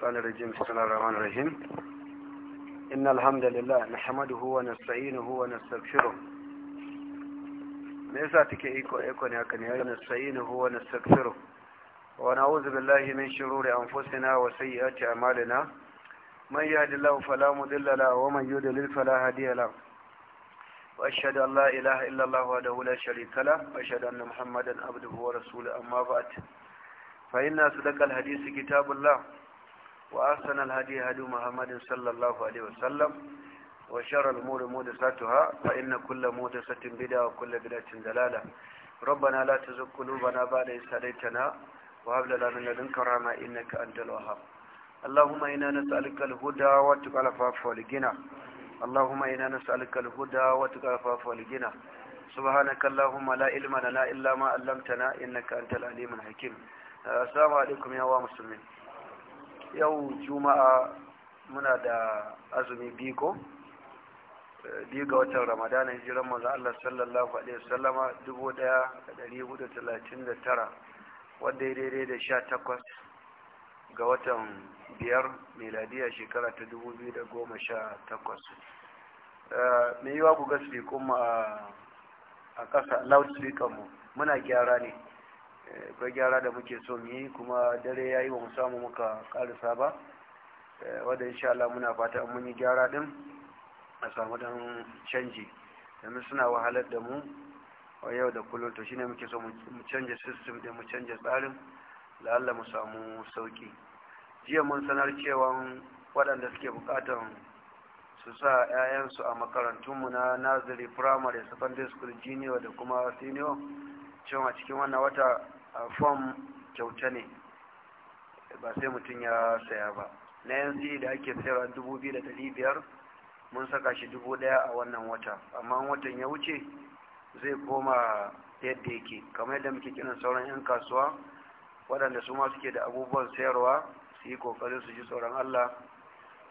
قال الرجيم بسم الله الرحمن الرحيم إن الحمد لله نحمده ونستعينه ونستغفره me yasa take iko iko ne haka ne ya na sayyina huwa nastaghfiru wa na'udhu billahi min shururi anfusina wa sayyiati a'malina man yahdihillahu fala mudilla la wa man yudlil fala hadiya la wa ashhadu an la ilaha illa allah wa dahu la sharika la wa ashhadu anna muhammadan abduhu wa rasuluhu amma ba'd fa inna sadaqal hadisi وأحسن الهدي هدي محمد صلى الله عليه وسلم وشر الأمور محدثاتها فإن كل محدثة بدعة وكل بدعة ضلالة ربنا لا تزغ قلوبنا بعد إذ هديتنا وهب لنا من لدنك رحمة إنك أنت الوهاب اللهم إنا نسألك الهدى والتقى العفاف والغنى اللهم إنا نسألك الهدى والتقى العفاف والغنى سبحانك اللهم لا علم لنا إلا ما علمتنا إنك أنت العليم الحكيم السلام عليكم يا مسلمين yau juma'a muna da azumi biko, ko eh, biyu ga watan ramadana jiran maza Allah sallallahu alaihi wasallama 1439 wanda ya daidai da 18 ga watan biyar miladiya shekara ta 2018 eh, mai yiwa ku ga kuma a ƙasa loudspeaker mu muna gyara ne akwai gyara da muke so mu yi kuma dare ya ba mu samu muka karisa ba eh, wanda insha Allah muna fata mun yi gyara din a samu dan canji yanzu suna wahalar da mu a yau da kullum to shine muke so mu canje system din mu canja tsarin la'alla mu samu sauki jiya mun sanar cewa waɗanda suke buƙatar su sa 'ya'yansu a makarantunmu na nazari primary secondary school junior da kuma senior cewa cikin wannan wata fom kyauta ne ba sai mutum ya saya ba na yanzu da ake sayarwa dubu biyu da dari biyar mun saka shi dubu ɗaya a wannan wata amma watan ya wuce zai koma yadda yake kamar yadda muke kiran sauran 'yan kasuwa waɗanda su ma suke da abubuwan sayarwa su yi ƙoƙarin su ji tsoron allah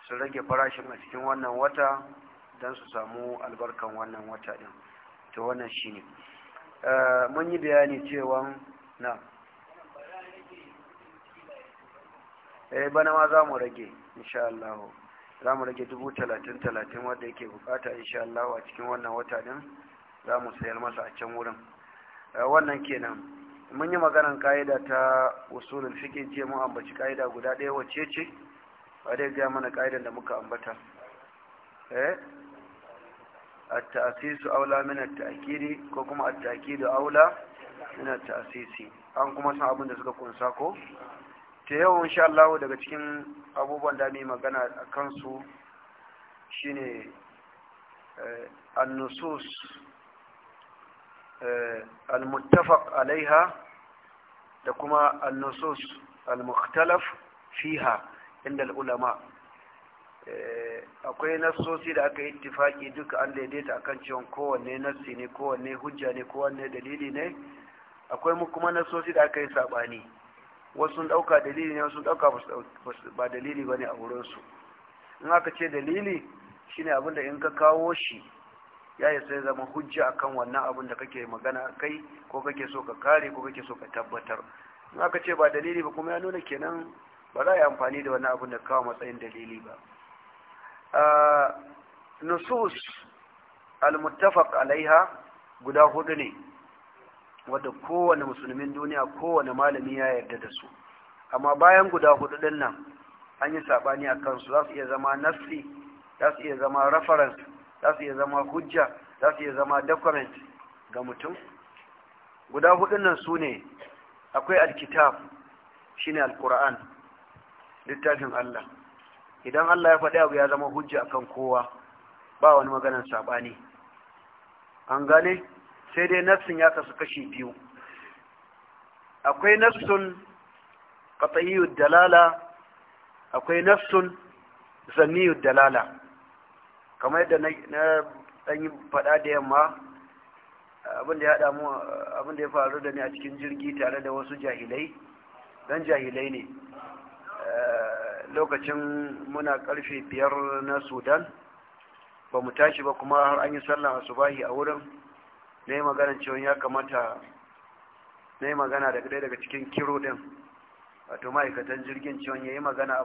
su rage farashin a cikin wannan wata don su samu albarkan wannan wata ɗin to wannan shine Eh, mun yi bayani cewa na eh bana ma za mu rage insha Allah za mu rage dubu talatin talatin wadda yake bukata insha Allah a cikin wannan wata din za mu sayar masa a can wurin eh, wannan kenan mun yi maganar ka'ida ta usulul fiqh je mu ambaci ka'ida guda ɗaya wacce ce ba dai mana ka'idan da muka ambata eh التأسيس أولى من التأكيد كوكما التأكيد أولى من التأسيس an kuma san abin da suka kunsa ko ta yau insha Allah daga cikin abubuwan da mai magana a kansu shine annusus almuttafaq alaiha da kuma Anusus almukhtalaf fiha inda ulama akwai nassosi da aka yi tifaki duka an daidaita akan cewa kowanne nassi ne kowanne hujja ne kowanne dalili ne akwai kuma nassosi da aka yi sabani wasu sun dauka dalili ne wasu sun dauka ba dalili bane a wurin in aka ce dalili shine abin da in ka kawo shi ya yi sai zama hujja akan wannan abin da kake magana kai ko kake so ka kare ko kake so ka tabbatar in aka ce ba dalili ba kuma ya nuna kenan ba za a yi amfani da wannan abin da kawo matsayin dalili ba nusus al-muttafaq alaiha guda hudu ne wadda kowane musulmin duniya kowane malami ya yarda da su amma bayan guda hudu din nan an yi sabani a kansu za su iya zama nassi za su iya zama reference za su iya zama hujja za su iya zama document ga mutum guda hudun nan su ne akwai alkitab shine alkur'an littafin Allah idan Allah ya faɗi abu ya zama hujja akan kowa ba wani maganar saɓani an gane sai dai nafsin ya kasu kashi biyu akwai nafsun qat'iyyud dalala akwai nafsun zanniyud dalala kamar yadda na dan yi faɗa da yamma abin da ya haɗa abin da ya faru da ni a cikin jirgi tare da wasu jahilai dan jahilai ne eh, lokacin muna karfe biyar na sudan ba mu tashi ba kuma har an yi sallah asubahi a wurin na yi magana cewa ya kamata na yi magana daga daga cikin kiro din wato ma'aikatan jirgin cewa ya yi magana